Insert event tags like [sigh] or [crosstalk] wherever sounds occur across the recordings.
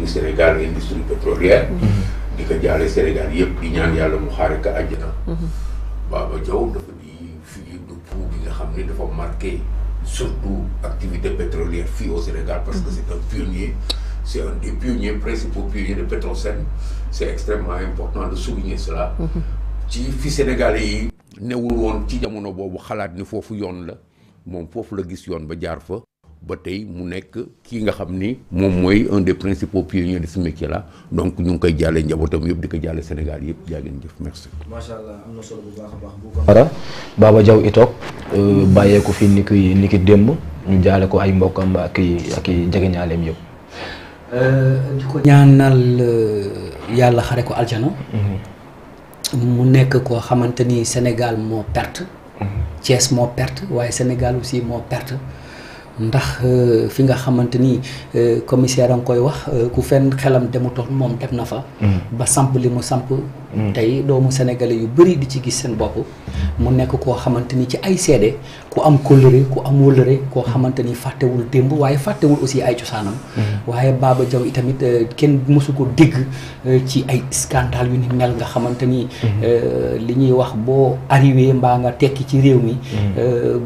le Sénégal industrie pétrolière. Mm-hmm. di ko jaale Sénégal yëpp di ñaan yàlla mu xaare ko àjjana. Mm-hmm. Baba Diaw dafa di figure de proue bi nga xam ne dafa marqué surtout activité pétrolière fii au Sénégal parce que mm-hmm. c'est un pionnier. c'est un des pionniers principaux pionniers de Petrosen c'est extrêmement important de souligner cela. ci fi Sénégalais yi. newul woon ci jamono boobu xalaat ni foofu yoon la moom foofu la gis yoon ba jaar fa. ba tey mu nekk kii nga xam ni moom mooy un des principaux pionniers de ce métier là donc ñu ngi koy jàllee njabootam yëpp di ko jàllee Sénégal yëpp jaa ngeen jëf merci. macha allah am na solo bu baax a baax bu ko. Baba Diaw Itok euh, bàyyee ko fi niki niki démb ñu jaale ko ay mbokkam ak i ak i jegeñaaleem yëpp. Euh, di ko ñaanal euh, yàlla xare ko aljana. Mm-hmm. mu nekk koo xamante ni Sénégal moo perte. Mm-hmm. Thiès moo perte waaye Sénégal aussi moo perte. ndax euh, fi nga xamante ni euh, commissaire a nga koy wax euh, ku fenn xelam demutoon moom dem na fa. Mm. ba samp li mu samp. Mm. tey doomu sénégalais yu bëri di ci gis seen bopp. mu nekk koo xamante ni ci ay seede ku am kóllëre ku am wóllëre koo xamante ni fàttewul démb waaye fàttewul aussi ay cosaanam. Mm. waaye baaba Diaw itamit kenn mësu ko dégg ci ay scandale yu ni mel nga xamante ni. li ñuy wax boo arrivé mbaa nga tekki ci réew mi.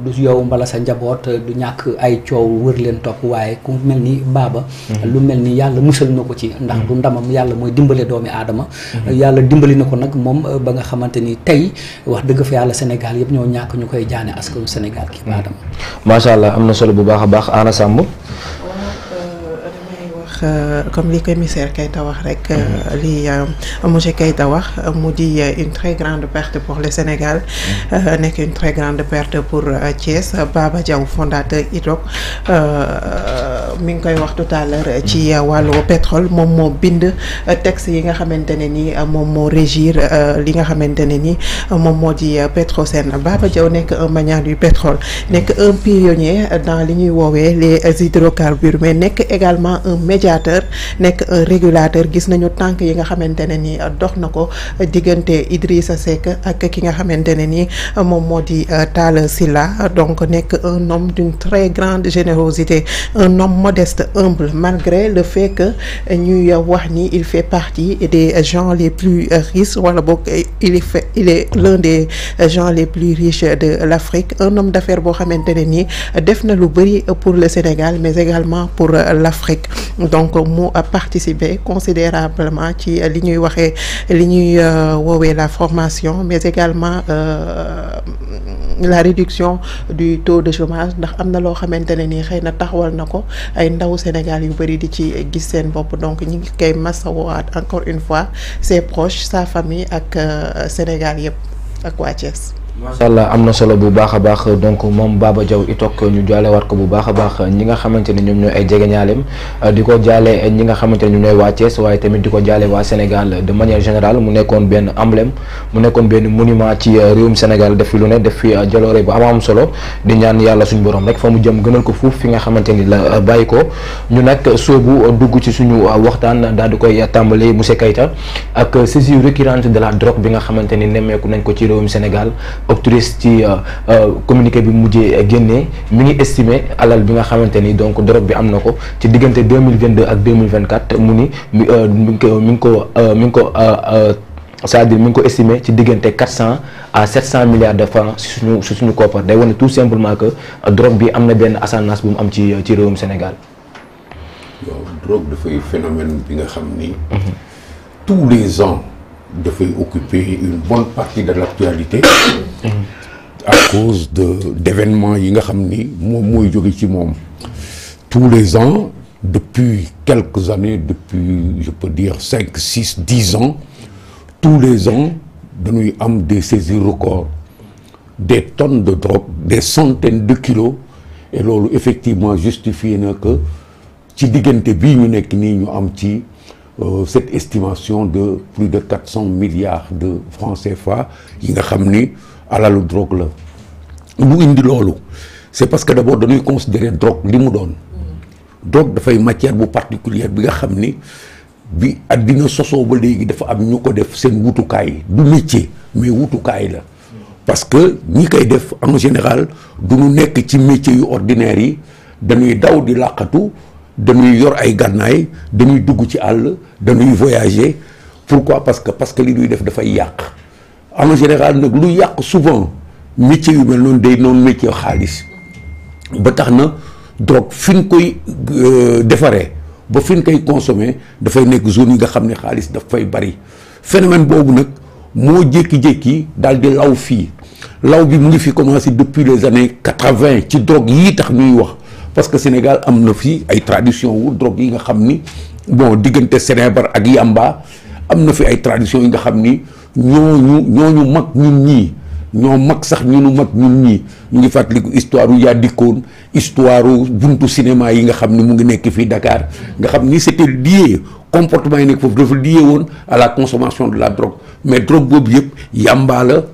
du yow mbala sa njaboot du ñàkk ay. coow wër leen topp waaye ku mel ni baaba mhm. lu mel ni yàlla musal na ko ci ndax mhm. du ndamam yàlla mooy dimbale doomi aadama mhm. yàlla dimbali na ko nag moom euh, ba nga xamante ni tey wax dëgg fa yàlla Sénégal yëpp ñoo ñàkk ñu koy jaane askanu Sénégal ki baadama macha allah am na solo bu baax a baax Anna sàmm Euh, comme le commissaire Keita wax rek euh, mhm. li euh, monsieur Keita wax mu di une très grande perte pour le Sénégal mhm. nek une très grande perte pour Thiès Baba Diaw fondateur IDROC mi ngi koy wax tout à l'heure mhm. ci walu pétrole mom mo bind texte yi nga xamante ne ni moom régir li nga xamante ne ni moom moo di Baba Diaw nek un magnat du pétrole nek un pionnier dans li ñuy les hydrocarbures mais nek également un média médiateur nekk un régulateur gis nañu tank yi nga xamantene ni euh, dox nako ko euh, Idrissa Seck ak ki nga xamantene ni euh, mom modi tal Talla donc nekk un homme d'une très grande générosité un homme modeste humble malgré le fait que ñuy wax ni il fait partie des gens les plus riches wala boog il fait il est l'un des gens les plus riches de l'Afrique un homme d'affaires bo xamantene ni def na lu bari pour le Sénégal mais également pour l'Afrique donc a participé considérablement ci li ñuy waxé li euh, la formation mais également euh, la réduction du taux de chômage ndax amna lo loo xamante ne taxawal nako ay ndaw Sénégal yu bari di ci gis sen bop donc ñi ngi koy encore une fois ses proches sa famille ak euh, Sénégal yépp ak waa macha allah am na solo bu baax a baax donc moom jaw Diaw itok ñu jaale war ko bu baax a baax ñi nga xamante ne ñoom ñoo ay jegeñaaleem di ko jaale ñi nga xamante ne ñoom ñooy waa Thiès waaye tamit di ko jaale waa Sénégal de manière générale mu nekkoon benn emblème mu nekkoon benn monument ci euh, réewum Sénégal def lu ne def fi euh, jaloore bu am am solo di ñaan yàlla suñu borom rek fa mu jëm gënal ko fuuf fi nga xamante ni la euh, bàyyi ko ñu nag soobu dugg ci suñu waxtaan daal di koy tàmbali monsieur Keita ak saisie récurrente de la drogue bi nga xamante ni nemmeeku nañ ko ci réewum Sénégal Optiris ci euh, euh, communiqué bi mujjee génnee mi ngi estimé alal bi nga xamanteni donc drogue bi am ko ci diggante 2022 ak 2024 mu ni euh, mi ngi ko mi ngi ko mi ngi ko c'est-à-dire mi ngi ko estimé ci diggante 400 à 700 milliards de francs si suñu si suñu koppar day wane tout simplement que drogue bi amna ben benn ascendance bu mu am ci ci réewum Sénégal. waaw drogue fay phénomène bi nga xamni mhm. tous les ans fait occuper une bonne partie de l'actualité à cause de d'événements yi nga tous les ans depuis quelques années depuis je peux dire 5, 6, 10 ans tous les ans nous avons des saisies records des tonnes de drogue des centaines de kilos et loolu effectivement justifié que ci diggante bii ñu ñu euh, cette estimation de plus de 400 milliards de francs CFA qui nga ramené à la drogue la c'est parce que d'abord considérons considérer drogue li mu La drogue une matière particulière bi nga été métier mais la parce que en général métier ordinaire daw la dañuy yor ay gànnaay dañuy dugg ci de dañuy voyager pourquoi parce que parce que li def dafay en général nag lu souvent métier yu mel noonu day noonu métier xaalis ba tax na drogue koy euh, ba koy consommer zone yi nga ne xaalis fay bari phénomène boobu nag moo jékki-jékki daal di law fii law bi depuis les années 80, drogue parce que Sénégal am na fi ay tradition wu drogue yi nga xamni bon diggante Sénébar ak Yamba am na fi ay tradition yi nga xamni ñoñu ñoñu ñooñu mag ñun ñi ñoo mag sax ñu nu mag ñun ñi ñu ngi fàttaliku histoire yu yaa dikkoon histoire buntu cinéma yi nga xam ni mu ngi nekk fii Dakar nga xam ni c'était lié comportement yi nekk foofu dafa lié woon à la consommation de la drogue mais drogue boobu yëpp Yamba la.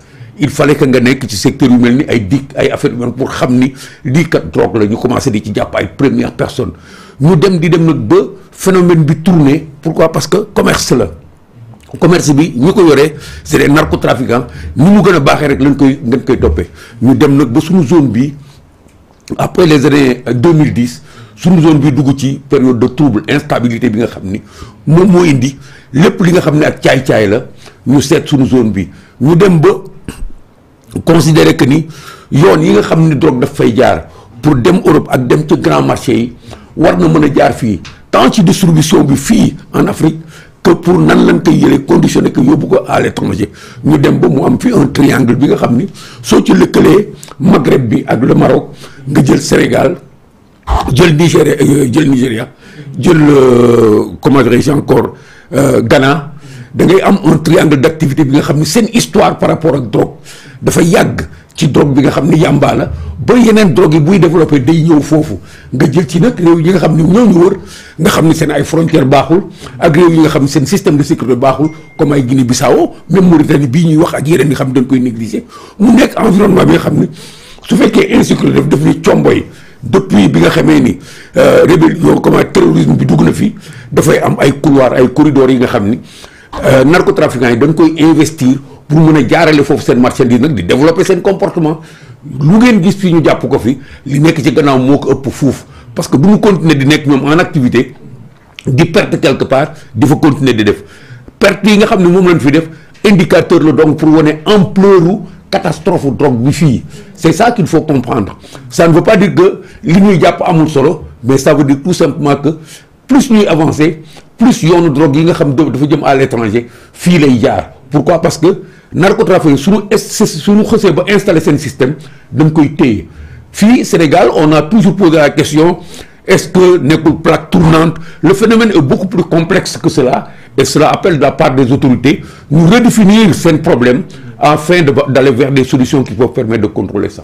il fallait que nga nekk ci secteur humain drogue di première personne Nous dem di dem phénomène tourné pourquoi parce que commerce Le commerce bi nous c'est des narcotrafiquants Nous avons sommes rek lañ koy nous zone après les années 2010 sous zone période de trouble instabilité bi nga que que nous avons indi nous li zone considérer que ni yoon yi nga xamni ni drogue daf fay jaar pour dem Europe ak dem ci grand marché yi war na mën jaar fi tant ci distribution bi fi en Afrique que pour nan lan tay yele conditionné que yóbbu ko à l'étranger ñu dem ba mu am fi un triangle bi nga xamni so soo ci lëkkalee Maghreb bi ak le Maroc nga jël Sénégal jël Nigeria, euh, jël nigeria jël euh, comment dirais-je encore euh, Ghana da ngay am un triangle d' activité bi nga xam ne seen histoire par rapport ak drogue dafa yàgg ci drogue bi nga xam ni yàmbaa la ba yeneen drogue yi buy développé day ñëw foofu nga jël ci nag réew yi nga xam ne ñoo ñu wër nga xam ne seen ay frontières baaxul ak réew yi nga xam ne seen système de sécurité baaxul comme ay Guinée Bissau même Mauritanie bii ñuy wax ak yeneen nga xam ne dañ koy négligé mu nekk environnement bi nga xam ne su fekkee insécurité daf ni comboy depuis bi nga xamee ni euh, rébellion comment terrorisme bi dugg na fi dafay am ay couloir ay corridor yi nga xam ni Euh, narcotrafiquants dañ koy investir pour mën a jaarale foofu seen marchandise nak di développer sen comportement lu ngeen gis fi ñu japp ko fi li nekk ci gannaaw moko ëpp parce que bu continuer di nekk ñom en activité di perte quelque part di fa continuer di def perte yi nga xamni mom lañ fi def indicateur lo donc pour woné ampleur catastrophe drogue bi fi c'est ça qu'il faut comprendre ça ne veut pas dire que li ñuy japp amul solo mais ça veut dire tout simplement que plus ñuy avancer plus yoonu drogue yi nga xam à l'étranger fii lay jaar pourquoi parce que narcotrafic suñu suñu nous ba installé un système dañ koy Sénégal on a toujours posé la question est-ce que nekkul plaque tournante le phénomène est beaucoup plus complexe que cela et cela appelle de la part des autorités de redéfinir ce problème afin d'aller vers des solutions qui peuvent permettre de contrôler ça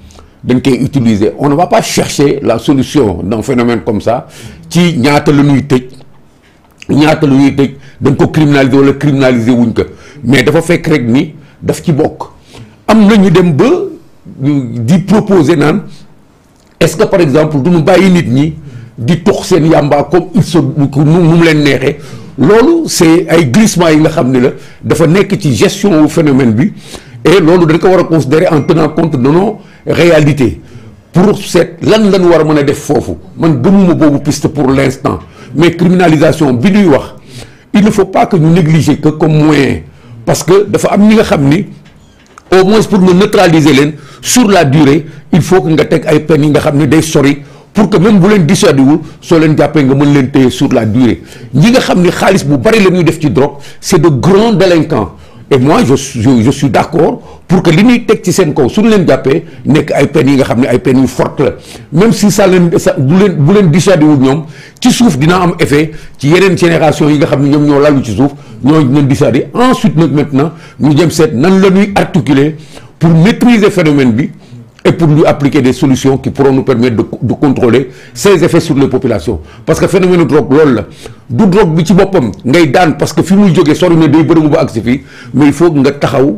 Donc utilisé. utiliser on ne va pas chercher la solution d'un phénomène comme ça ci ñaata la ñuy tëj ñaata la ñuy tëj dañ ko criminaliser wala criminaliser wuñ ko mais dafa fekk rek ni daf ci bokk am na ñu dem ba di proposer naan est-ce que par exemple du ñu bàyyi nit ñi di tox seen yàmbaa comme il se nous nous leen neexee c'est ay glissement yi nga xam ne la dafa nekk ci gestion au phénomène bi et lolo de quoi on considérer en tenant compte de nos réalité pour cette lan lan war aide faux. def fofu, man gëmuma bobu piste pour l'instant mais criminalisation bi wax il ne faut pas que nous négligions que comme moyen parce que dafa am ni nga xam au moins pour nous neutraliser len, sur la durée il faut que nga tek ay peines nga xam sori pour que même vous l'en dissuadez wul soo leen nga sur la durée Ni nga xam ni xaalis bu bari la ñuy def ci drogue c'est de grands délinquants et moi je, je suis d'accord pour que li ñuy teg ci sen kaw suñu len jappé nek ay peine yi nga xam ay peine yu forte la même si ça l'en, bu len bu len dissuadé wu ñom ci souf dina am effet ci yeneen génération yi nga xam ñom ñoom ñoo lalu ci souf ñoo dinañ dissuadé ensuite nak maintenant ñu jëm set nan la ñuy articuler pour maîtriser phénomène bi et pour lui appliquer des solutions qui pourront nous permettre de, de contrôler ses effets sur les populations parce que phénomène drogue loolu la du drogue bi ci bopam ngay daan parce que fi muy joggé sori né day bëru mu ba agsi mais il faut nga taxaw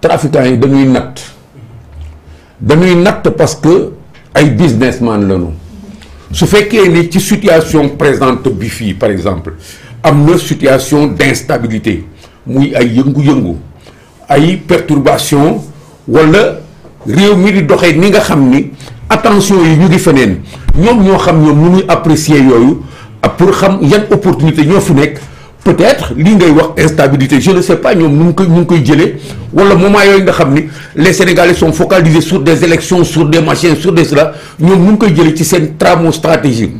trafiquants yi dañuy natt dañuy natt parce que ay businessman lañu su fekkee ni ci situation présente bi fii par exemple am na situation d'instabilité muy ay yëngu-yëngu ay perturbation wala réew mi di doxee ni nga xam ni attention yi ñu ngi feneen ñoom ñoo xam ñoom ñuy apprécier yooyu ah, pour xam yan opportunité ñoo fi nekk peut-être l'une ngay wax instabilité je ne sais pas ñoom ñu ngi koy ñu koy wala moment yooyu nga xam ni les sénégalais sont focalisés sur des élections sur des machines, sur des cela Nous ñu ngi koy jëlee ci seen tramo stratégie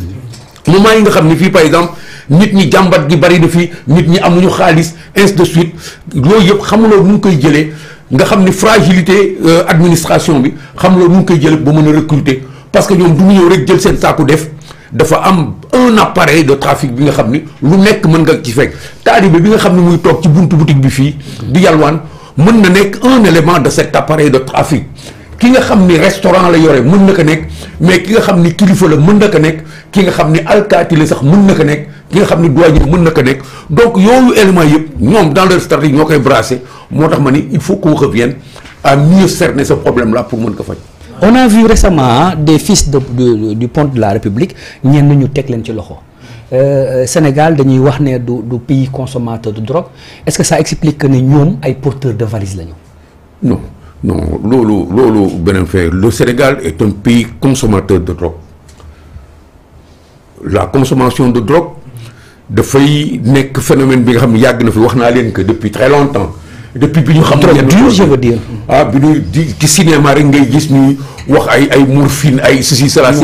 moment yi nga xam ni par exemple nit ñi jambat gi bari de fi, nit ñi amuñu xaalis ainsi de suite Nous y avons nu ngi koy jëlee nga xam ni fragilité euh, administration bi avons nu ngi koy jëlee ba recruter parce que nous du mu ñëw rek jël seen saaku def dafa am un appareil de trafic bi nga xamni lu nekk mën nga ci fek taalibe bi nga xamni muy tok ci buntu boutique bi fii di yalwaan mën na nekk un élément de cet appareil de trafic ki nga xamni restaurant la yoré mën na ko nekk mais ki nga xamni kilifa la mën na ko nekk ki nga xamni ni la sax mën na ko nekk ki nga xamni ni mën na ko nekk donc yoyu élément yeb ñom dans leur stratégie ñokay brasser motax tax ni il faut qu'on revienne à mieux cerner ce problème là pour mën ko faj on a vu récemment hein, des fils du pont de la République Le ñu tek ci euh, euh, Sénégal dañuy wax du pays consommateur de drogue est-ce que ça explique que nous sommes ay porteurs de valise non non le Sénégal est un pays consommateur de drogue la consommation de drogue de feuilles, n'est que nga xam ne na fi que depuis très longtemps depuis que nous avons dur je veux dire ah bi cinéma rek ngay gis ñuy wax ceci cela la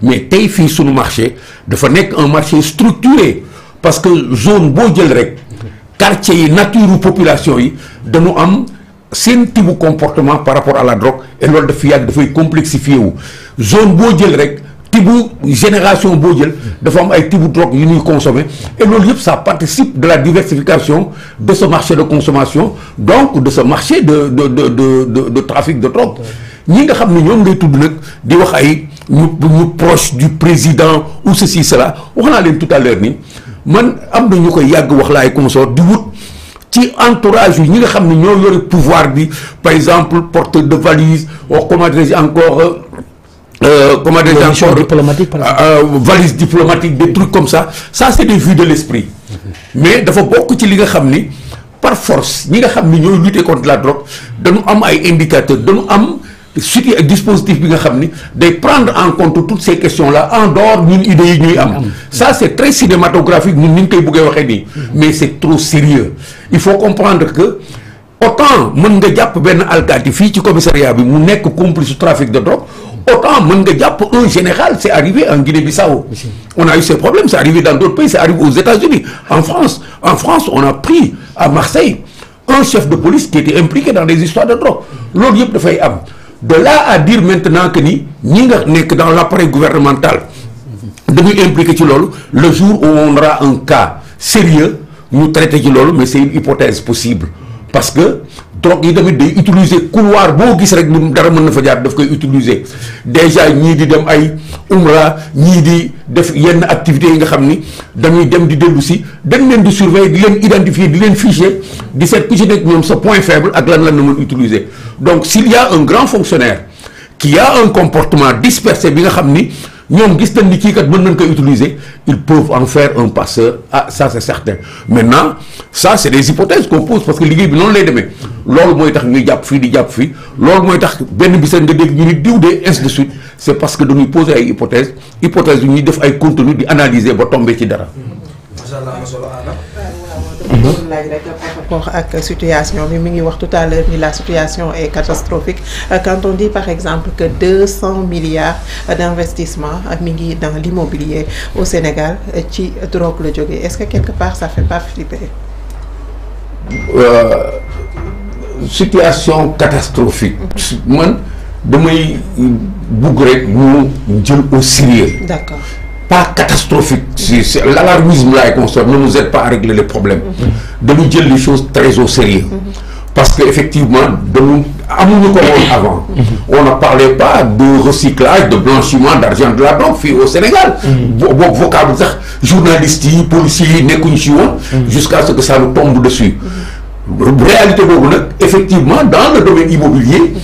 mais sur marché nous un marché structuré parce que zone boo jël rek quartier yi nature population yi dañu am type de comportement par rapport à la drogue et nous de de dafay complexifié ou zone rek génération bojel de forme am ay tibou drogue consommer et le livre ça participe de la diversification de ce marché de consommation donc de ce marché de de de de de, trafic de drogue ñi nga xamni ne ngay tudd nak di wax ay proche du président ou ceci cela on allait tout à l'heure ni man am na ñukoy yag wax la ay consort di wut ci entourage ñi nga xamni ñoo pouvoir bi par exemple porteur de valise ou comment dire encore euh, euh, comment dire encore diplomatique, euh, euh, valise diplomatique, des trucs comme ça. Ça, c'est des vues de l'esprit. Mais il faut beaucoup de choses par force, nous avons lutté contre la drogue, nous avons des indicateurs, nous avons des dispositifs dispositif bi nga prendre en compte toutes ces questions là en dehors d'une idée ça c'est très cinématographique mais c'est trop sérieux il faut comprendre que autant mën nga jàpp un alkaati fii ci commissariat bi mu nekk complice trafic de drogue Autant Mendedia, pour un général, c'est arrivé en Guinée-Bissau. On a eu ces problèmes, c'est arrivé dans d'autres pays, c'est arrivé aux États-Unis, en France. En France, on a pris à Marseille un chef de police qui était impliqué dans des histoires de drogue. L'autre, de De là à dire maintenant que ni, n'est que dans l'appareil gouvernemental, de nous impliquer le jour où on aura un cas sérieux, nous traiter de mais c'est une hypothèse possible. Parce que troc yi tamit day utiliser couloir boo gis rek lu mën na fa jaar daf koy utiliser déjà ñii di dem ay ñii di def yenn activités yi nga xam ni dañuy dem di dellu si dañ leen di surveiller di leen identifier di leen ficher di seet ku ñoom sa point faible ak lan lan na mën utiliser donc s'il y un grand fonctionnaire qui a un comportement dispersé bi nga xam ni ñoom gis nañ ni kii kat mën nañ koy utiliser ils peuvent en faire un passeur ah ça c'est certain maintenant ça c'est des hypothèses qu'on pose parce que liggéey bi noonu lay demee loolu mooy tax ñuy jàpp fii di jàpp fii loolu mooy tax benn bi seen nga dégg ñu ni diw de ainsi de suite c'est parce que nous poser ay hypothèses hypothèses yu ñuy def ay contenu di analyser ba tomber ci dara situation la situation est catastrophique euh, quand on dit par exemple que 200 milliards d'investissements euh, dans l'immobilier au Sénégal euh, est-ce que quelque part ça fait pas flipper situation catastrophique mm-hmm. d'accord pas catastrophique. C'est l'alarmisme là est consomme, ne nous aide pas à régler les problèmes. De nous dire les choses très au sérieux. Parce qu'effectivement, de nous, nous comme avant. On ne parlait pas de recyclage, de blanchiment d'argent de la banque au Sénégal. Vocable, journalistique policiers, jusqu'à ce que ça nous tombe dessus. Réalité, effectivement, dans le domaine immobilier,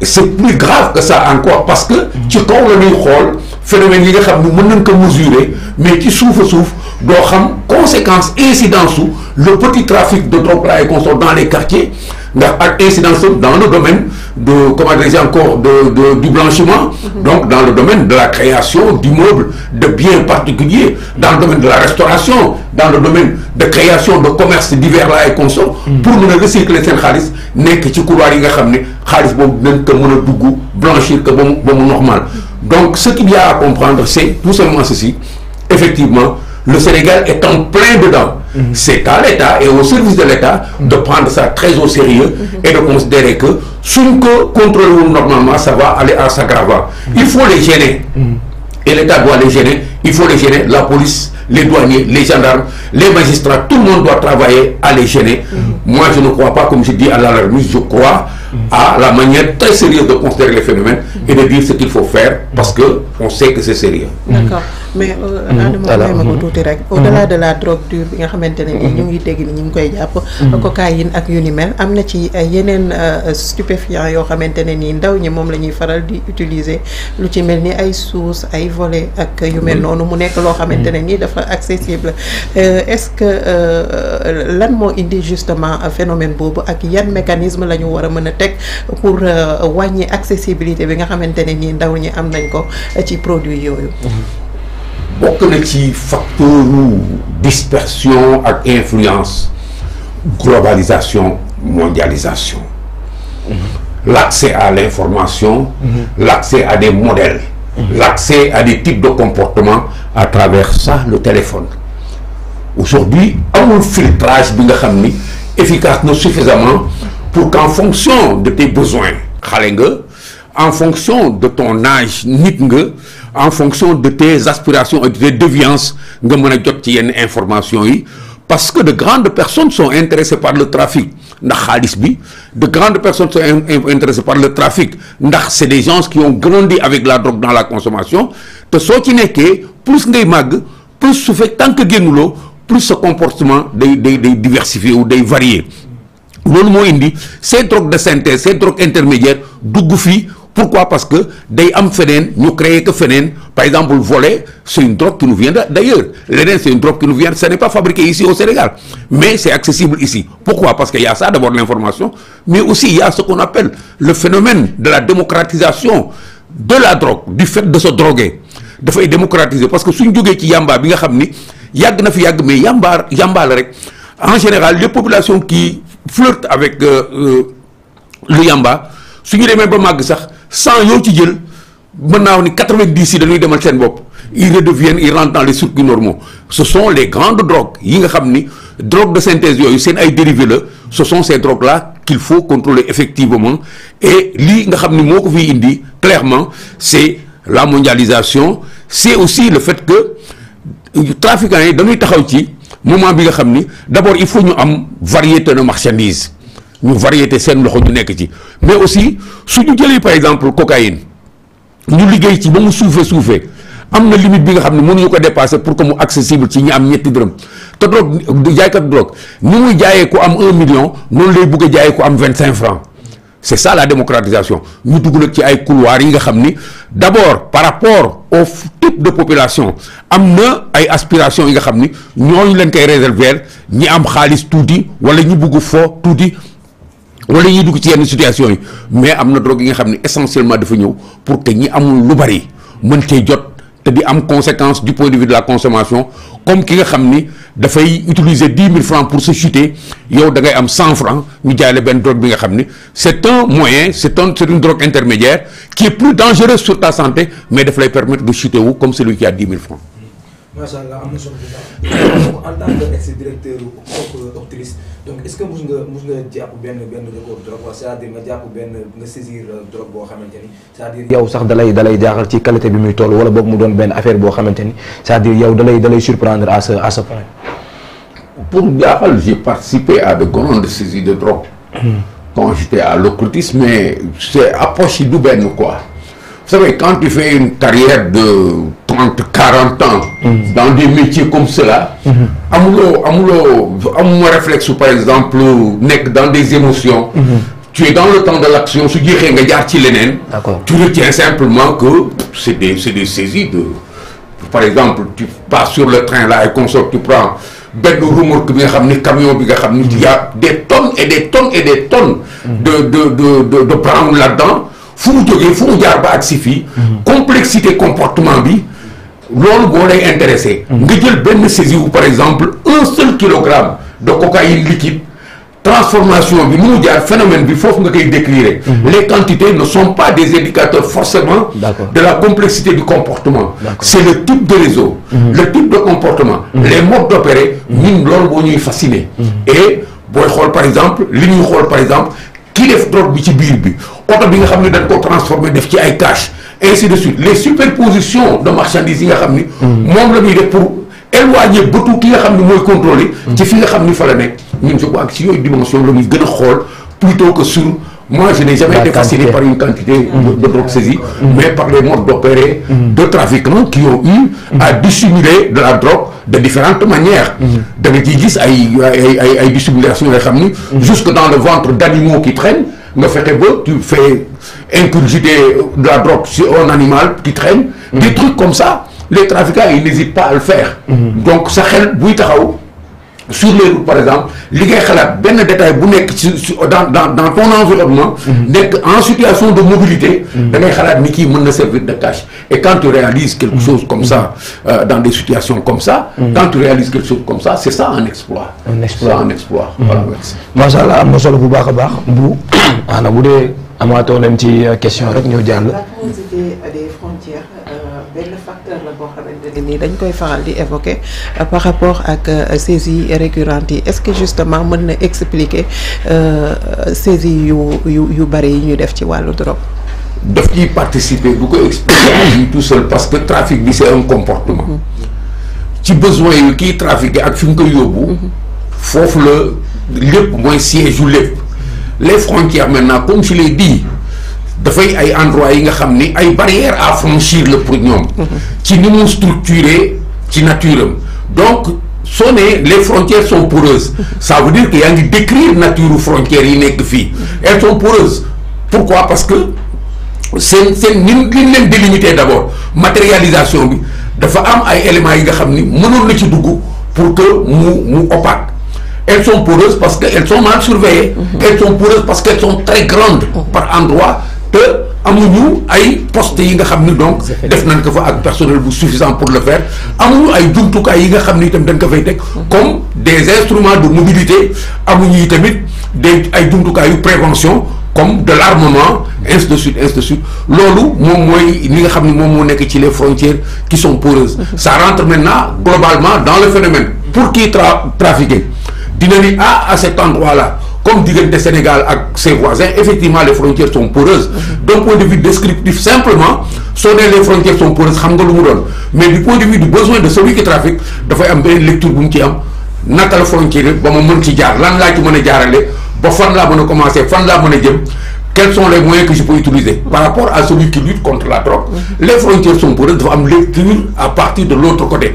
c'est plus grave que ça encore parce que tu comprends le rôle phénomène yi nga ne mesurer mais qui souffre, souffre, doit avoir xam conséquence incidence le petit trafic de drogue et consort dans les quartiers ndax incidence dans le domaine de comment encore du blanchiment mhm. donc dans le domaine de la création d'immeubles de biens particuliers dans le domaine de la restauration dans le domaine de création de commerces divers là et consorts mhm. pour nous recycler les xaalis nekk ci couloir yi nga blanchir comme normal donc, ce qu'il y a à comprendre, c'est tout simplement ceci. Effectivement, le Sénégal est en plein dedans. Mhm. C'est à l'État et au service de l'État mhm. de prendre ça très au sérieux mhm. et de considérer que sous que contrôle normalement, ça va aller à sa Il faut les gêner. Et l'État doit les gêner. Il faut les gêner. La police, les douaniers, les gendarmes, les magistrats, tout le monde doit travailler à les gêner. Moi, je ne crois pas, comme je dis à l'alarmiste, je crois à la manière très sérieuse de considérer les phénomènes et de dire ce qu'il faut faire parce qu'on sait que c'est sérieux. mais mm-hmm. euh, mm-hmm. Adama may ma ko mm-hmm. tuuti rek au delà de la drogue bi nga xamante ne ni ñu ngi dégg ni ñu ngi koy jàpp cocaïne ak yu ni mel am na ci euh, yeneen euh, stupéfiant yoo xamante ne nii ndaw ñi moom la ñuy faral di utiliser lu ci mel ni ay source ay volet ak yu mel noonu mu nekk loo xamante ne nii dafa accessible est-ce que lan moo indi justement phénomène boobu ak yan mécanisme la ñu war a mën a teg pour wàññi accessibilité bi nga xamante ne nii ndaw ñi am nañ ko ci produit yooyu Beaucoup de ci de dispersion et influence globalisation mondialisation l'accès à l'information l'accès à des modèles l'accès à des types de comportements à travers ça le téléphone aujourd'hui on filtrage de nga efficace suffisamment pour qu'en fonction de tes besoins en fonction de ton âge en fonction de tes aspirations et de tes déviances nga mën a jot information parce que de grandes personnes sont intéressées par le trafic ndax de grandes personnes sont intéressées par le trafic c'est des gens qui ont grandi avec la drogue dans la consommation ce qui qui que plus des mag, plus souffert tant que plus ce comportement de diversifié ou des varié ces drogues de synthèse ces drogues intermédiaires du pourquoi Parce que des fénènes nous créons que fénènes. par exemple, le volet, c'est une drogue qui nous vient d'ailleurs. L'ENEN, c'est une drogue qui nous vient, ce n'est pas fabriqué ici au Sénégal, mais c'est accessible ici. Pourquoi Parce qu'il y a ça, d'abord l'information, mais aussi il y a ce qu'on appelle le phénomène de la démocratisation de la drogue, du fait de se droguer. De faire démocratiser. Parce que si nous avons Yamba, yag na fi yag mais en général les populations qui flirtent avec euh, euh, le yamba ce qui est ba pas sax sans yoo ci jël de naa 90% ni ils redeviennent ils rentrent dans les circuits normaux ce sont les grandes drogues les drogues de synthèse les ay dérivés ce sont ces drogues là qu'il faut contrôler effectivement et ce nga est ni clairement c'est la mondialisation c'est aussi le fait que les trafiquants dañuy taxaw ci moment bi d'abord il faut ñu am variété de marchandises ñu variété seen loxo ñu nekk ci mais aussi suñu jëlee par exemple cocaïne ñu liggéey ci ba mu suufee suufee am limite bi nga xam ne ko dépasser pour que mu accessible ci ñi am ñetti dërëm te drogue jaaykat drogue ni muy jaayee am un million noonu lay bëgg a jaayee am vingt cinq francs c'est ça la démocratisation ñu dugg nag ci ay couloirs yi nga xam d'abord par rapport au type de population am na ay aspirations yi nga xam ni ñooñu leen koy réserver ñi am xaalis tuuti wala ñi bugg fo tuuti wala ñuy dugg ci situation mais am na drogue yi nga xam ne essentiellement dafa pour que ñi amul lu bari mën cee jot te am conséquence du point de vue de la consommation comme ki nga xam ni dafay utiliser 10 000 francs pour se chuter yow da ngay am 100 francs ñu jaay la drogue bi nga xam c'est un moyen c'est un une drogue intermédiaire qui est plus dangereuse sur ta santé mais daf lay permettre de chuter comme celui qui a 10 000 francs. macha allah am na solo [coughs] directeur donc est ce que vous nga vous drogue c'est à dire nga nga saisir euh, drogue boo xamante à dire affaire à dire surprendre à ce à ce point. pour j'ai participé à de grandes saisies de drogue. Hmm. quand j'étais à l'occultisme mais c'est approche du quoi. Vous savez, quand tu fais une carrière de 30, 40 ans hmm. dans des métiers comme cela, hmm amuloo amuloo amuloo réflexe par exemple euh, nek dans des émotions. Mhm. tu es dans le temps de l'action Tu le tiens tu retiens simplement que c'est des des saisies de par exemple tu pars sur le train là et ça tu prends ben remorque bi nga xam camion bi nga mhm. y' a des tonnes et des tonnes et des tonnes. Mhm. de de de de de prendre là-dedans Fou de fou, fou si complexité comportement bi loolu boo intéressé. Mm. nga jël benn saisie par exemple un seul kilogramme de cocaïne liquide transformation du nu phénomène bi foofu nga koy décrire. Mm-hmm. les quantités ne sont pas des indicateurs forcément. de la complexité du comportement. c'est le type de réseau. Mm-hmm. le type de comportement. Mm-hmm. les modes d'opérer opérer. ñun loolu ñuy fasciné. et par exemple li par exemple. Qui def drogue bi ci biir bi bien bi nga xam ne dañ koo transformé def ci ay cash ainsi de suite les superpositions de marchandises yi nga xam ni. Hmm. moom def pour éloigner bëtu ki nga xam ni mooy contrôler hmm. ci fi nga xam ni fa la nekk ñun je crois que si dimension la ñuy gën plutôt que sur. Moi, je n'ai jamais été fasciné par une quantité de, mm. drogue saisie, mais par les modes d'opérer mm. de trafiquants qui ont eu à mm. dissimuler de la drogue de différentes manières. De nga à dissimulation de la jusque dans le ventre d'animaux qui traînent. Mais faites-vous, tu fais inculgider de la drogue sur un animal qui traîne. des trucs comme ça les trafiquants ils n'hésitent pas à le faire. donc ça xel à taxaw sur les routes par exemple détail dans ton environnement. Mhm. en situation de mobilité. Mhm. de cache. et quand tu réalises quelque mhm. chose comme ça euh, dans des situations comme ça. quand tu réalises quelque chose comme ça c'est ça un exploit. un exploit un exploit. voilà question gi nii dañ koy faral di évoquer euh, par rapport ak euh, saisies récurrentes yi est-ce que justement mën na expliquer euh, saisies yu yu bari yi ñu def ci wàllu drogue. daf ciy participer bu ko expliquer tout seul parce que trafic bi c'est un comportement. Mm-hmm. ci besoin yu kiy trafiqué ak fi mu koy yóbbu. Mm-hmm. foofu la lépp mooy siège yu lépp. les frontières maintenant comme je l'ai dit y ay endroits yi nga y ay barrières à franchir le pour qui nous ni structuré qui nature donc sonné les frontières sont poreuses ça veut dire qu'il y a une décrire nature frontières yi nekk fii elles sont poreuses pourquoi parce que c'est une délimité d'abord. matérialisation De femmes am ay éléments qui nga pour que nous mu opaque. Elles sont poreuses parce qu'elles sont mal surveillées. Mm-hmm. Elles sont poreuses parce qu'elles sont très grandes mm-hmm. par endroits te amuñu ay postes yi nga xamni donc def nañ ko fa ak personnel bu suffisant pour le faire amuñu ay jumtukaay yi nga xamni tam dañ ko fay tek mhm. comme des instruments de mobilité amuñu tamit des ay yu prévention comme de l'armement ainsi de suite ainsi de suite lolu nous moy ni nga xamni ni mo nek ci les frontières qui sont poreuses mhm. ça rentre maintenant globalement dans le phénomène pour qui trafiquer dina ni ah à cet endroit là comme le Sénégal à ses voisins effectivement les frontières sont poreuses mhm. d'un point de vue descriptif simplement sonner les frontières sont poreuses xam mais du point de vue du besoin de celui qui trafique il am lecture bu mu ci am un peu frontière ba ma qui ci il lan laa ci mën a ba fan a commencé fan la mën a quels sont les moyens que je peux utiliser par rapport à celui qui lutte contre la drogue mhm. les frontières sont poreuses doivent me lecture à partir de l'autre côté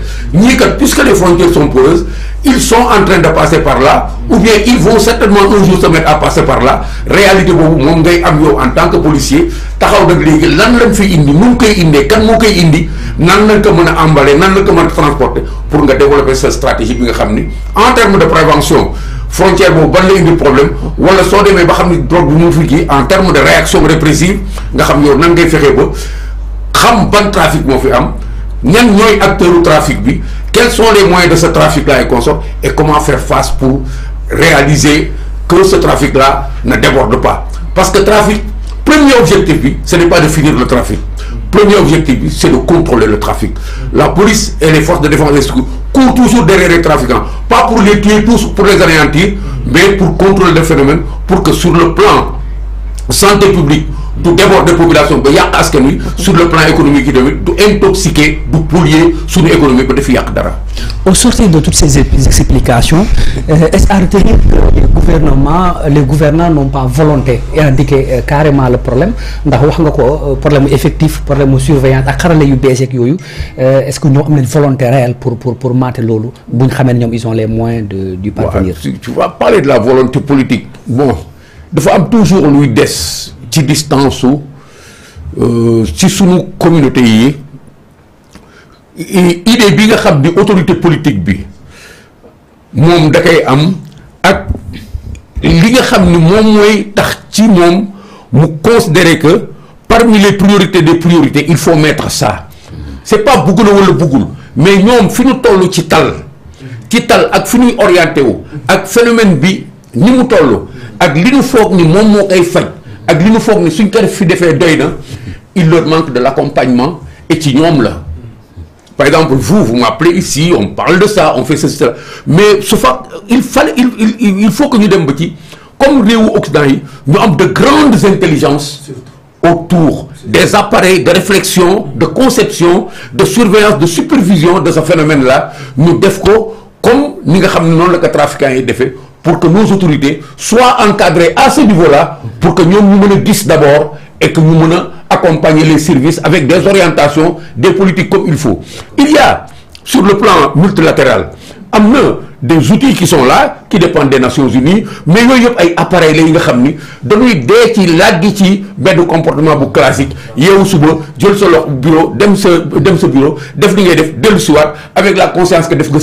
puisque les frontières sont poreuses ils sont en train de passer par là ou bien ils vont certainement un jour se mettre à passer par là réalité mon en tant que policier taxaw de légui lan lañ fi indi mou koy indi kan mou koy indi nan lañ ko meuna emballer nan lañ ko transporter pour nga développer cette stratégie bi nga xamni en termes de prévention frontière vous, ban la indi problème wala soo démé ba xamni drogue bi mu fi en termes de réaction répressive nga xam yow nang ngay fexé ba xam ban trafic mo fi am ñan acteur du trafic bi quels sont les moyens de ce trafic là et consort et comment faire face pour réaliser que ce trafic là ne déborde pas parce que trafic premier objectif ce n'est pas de finir le trafic premier objectif, c'est de contrôler le trafic. La police et les forces de défense et de courent toujours derrière les trafiquants. Pas pour les tuer tous, pour les anéantir, mais pour contrôler le phénomène, pour que sur le plan santé publique, du déborder population ba yàq que nous sur le plan économique qui tamit intoxiqué, intoxiquer du polluer suñu économie ba def au sortir de toutes ces explications euh, est-ce à retenir que les gouvernements les gouvernants n'ont pas volonté et indiqué euh, carrément le problème ndax wax nga euh, problème effectif problème surveillant. surveillance ak les yu bees est-ce qu'ils ont une volonté réelle pour pour pour mater l'eau bu ils ont les moyens de du parvenir. tu vas parler de la volonté politique bon dafa am toujours luy Dess distance ou euh, ci sunu communauté yi idée bi nga xam di autorité politique bi mon da kay am ak li nga xam ni mom moy tax ci mu considérer que parmi les priorités des priorités il faut mettre ça c'est pas beaucoup le wala mais ñom fi ñu toll ci tal ci tal ak orienté wu ak phénomène bi ni mu tollu ak li ni moom moo koy il leur manque de l'accompagnement et qui nous la par exemple vous vous m'appelez ici on parle de ça on fait ceci mais il fallait il faut que nous dem comme Léo Occident nous avons de grandes intelligences autour des appareils de réflexion de conception de surveillance de supervision de ce phénomène là Nous devons, comme nous nga xam les la pour que nos autorités soient encadrées à ce niveau-là, pour que nous nous menons d'abord et que nous nous accompagner les services avec des orientations, des politiques comme il faut. Il y a, sur le plan multilatéral, des outils qui sont là qui dépendent des Nations Unies mais y a ay appareils la yi nga xam ni dañuy dee ci laaj ci comportement bu classique suba bureau dem ce dem ce bureau def li def soir avec la conscience que def nga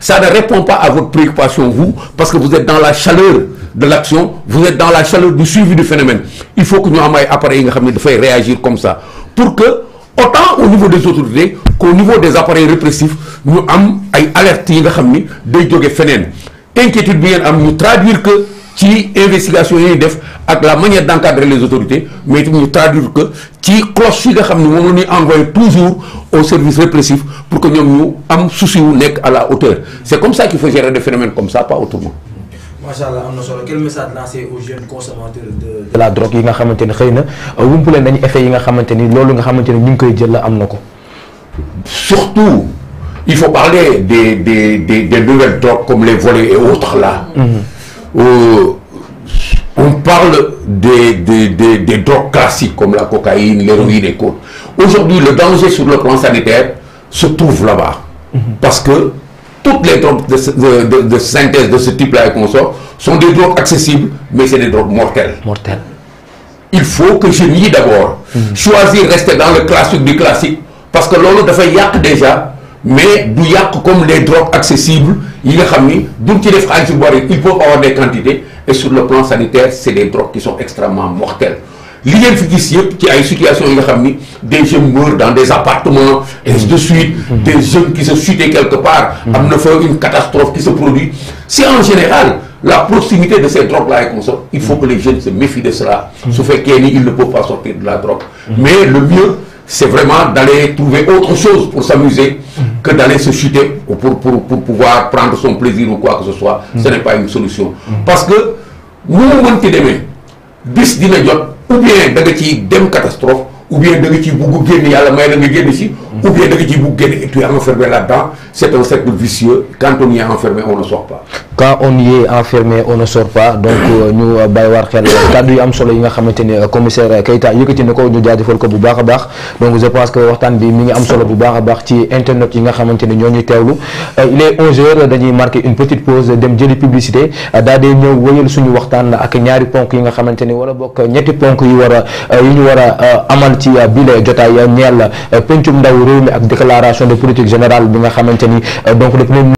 sa ça ne répond pas à votre préoccupation vous parce que vous êtes dans la chaleur de l'action vous êtes dans la chaleur du suivi du phénomène il faut que nous am ay appareils qui nga de faire réagir comme ça pour que autant au niveau des autorités qu'au niveau des appareils répressifs nous avons alerté alertes yi de ce inquiétude bien, nous traduire que ci investigation yi def la manière d'encadrer les autorités mais nous traduit traduire que ci cloche yi nga envoyé toujours au service répressif pour que nous ñu souci à la hauteur c'est comme ça qu'il faut gérer des phénomènes comme ça pas autrement allah solo quel message lancé aux jeunes consommateurs de la drogue yi nga xamante ni xëy na euh, wumpuleen nañu effet yi ni loolu nga xamante ni ñu koy jël la am surtout il faut parler des des des des nouvelles drogues comme les volets et autres là. Mmh. on parle des des des des drogues classiques comme la cocaïne l'héroïne et autres. aujourd'hui le danger sur le plan sanitaire se trouve là-bas. Mmh. parce que toutes les drogues de, synthèse de ce type-là et qu'on sort sont des drogues accessibles, mais c'est des drogues mortelles. Mortelles. Il faut que je nie d'abord. Hmm. Choisir rester dans le classique du classique. Parce que l'on a fait yak déjà, mais du yak comme les drogues accessibles, il faut avoir des quantités. Et sur le plan sanitaire, c'est des drogues qui sont extrêmement mortelles li qui a une une ci ay des jeunes meurent dans des appartements et de suite mm-hmm. des jeunes qui se suicident quelque part à mm-hmm. fa une catastrophe qui se produit c'est en général la proximité de ces drogues-là et il faut mm-hmm. que les jeunes se méfient de cela Sauf qu'ils ni ils ne peuvent pas sortir de la drogue mais le mieux c'est vraiment d'aller trouver autre chose pour s'amuser que d'aller se chuter pour, pouvoir prendre son plaisir ou quoi que ce soit. Ce n'est pas une solution. Parce que nous, on demain, bis dina ou bien da nga ciy dem catastrophe ou bien da nga ciy bugg génn yàlla may la nga génn si ou bien de nga et tu es enfermé là-dedans c'est un cercle vicieux quand on y est enfermé on ne sort pas. quand on y est enfermé on ne sort pas donc euh, ñu euh, bàyyiwaat xel kàddu yu am solo yi nga xamante euh, commissaire Keita yëkkati na ko ñu jaajëfal ko bu baax baax donc je pense que waxtaan bi mi ngi am solo bu baax baax ci internet yi nga xamante ñoo ñuy il est 11h dañuy marqué une petite pause dem jëli publicité daal di ñëw wëyal suñu waxtaan ak ñaari ponk yi nga xamante ne wala bokk ñetti ponk yi war a ñu war amal ci bile jotaay ñeel pencum ndaw réew déclaration de politique générale de nga xamanteni euh, donc